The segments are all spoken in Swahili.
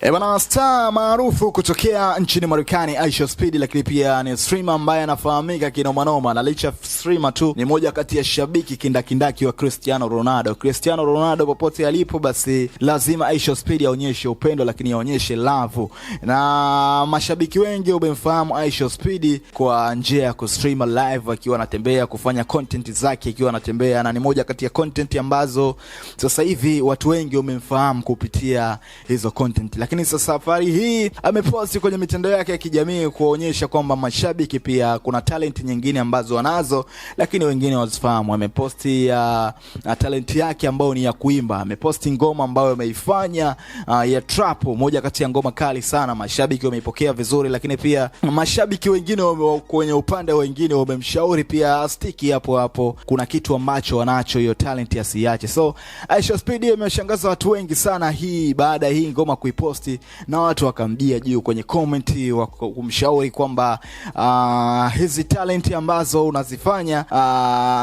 E eh, bana, star maarufu kutokea nchini Marekani Aisha Speed, lakini pia ni streamer ambaye anafahamika kinomanoma, na licha streamer tu, ni moja kati ya shabiki kindakindaki wa Cristiano Ronaldo. Cristiano Ronaldo popote alipo, basi lazima Aisha Speed aonyeshe upendo, lakini aonyeshe love, na mashabiki wengi wamemfahamu Aisha Speed kwa njia ya kustreamer live akiwa anatembea kufanya content zake akiwa anatembea, na ni moja kati ya content ambazo sasa hivi watu wengi wamemfahamu kupitia hizo content lakini sasa safari hii ameposti kwenye mitandao yake ya kijamii kuonyesha kwamba mashabiki pia kuna talent nyingine ambazo wanazo, lakini wengine wazifahamu. Ameposti ya uh, uh, talent yake ambayo ni ya kuimba. Ameposti ngoma ambayo ameifanya uh, ya trap, moja kati ya ngoma kali sana, mashabiki wameipokea vizuri, lakini pia mashabiki wengine wame, kwenye upande wengine wamemshauri pia stiki hapo hapo, kuna kitu ambacho wanacho hiyo talent asiiache So Aisha Speed imeshangaza watu wengi sana hii baada ya hii ngoma kuiposti posti na watu wakamjia juu kwenye comment wa kumshauri kwamba uh, hizi talent ambazo unazifanya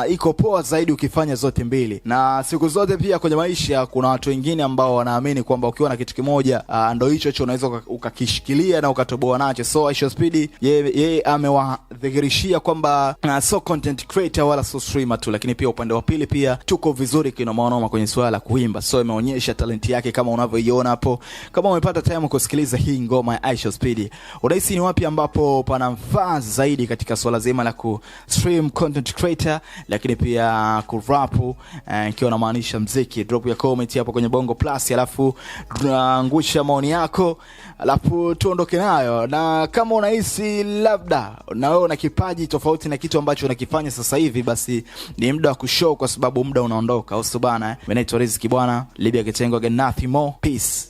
uh, iko poa zaidi ukifanya zote mbili. Na siku zote pia kwenye maisha kuna watu wengine ambao wanaamini kwamba ukiwa na kitu kimoja uh, ndo hicho hicho unaweza ukakishikilia na ukatoboa nacho. So Aisha Speed yeye ye, amewadhihirishia kwamba uh, so content creator wala so streamer tu, lakini pia upande wa pili pia tuko vizuri kinomaonoma kwenye swala la kuimba. So imeonyesha talenti yake kama unavyoiona hapo kama ume umepata time kusikiliza hii ngoma ya Aisha Speed, unahisi ni wapi ambapo pana mfaa zaidi katika swala zima la ku stream content creator, lakini pia ku rap eh, ikiwa eh, namaanisha mziki? Drop ya comment hapo kwenye Bongo Plus, alafu tunaangusha maoni yako, alafu tuondoke nayo. Na kama unahisi labda na wewe una kipaji tofauti na kitu ambacho unakifanya sasa hivi, basi ni muda wa kushow, kwa sababu muda unaondoka, au sio bana? Mimi naitwa Riziki bwana Libya Kitengo, again nothing more peace.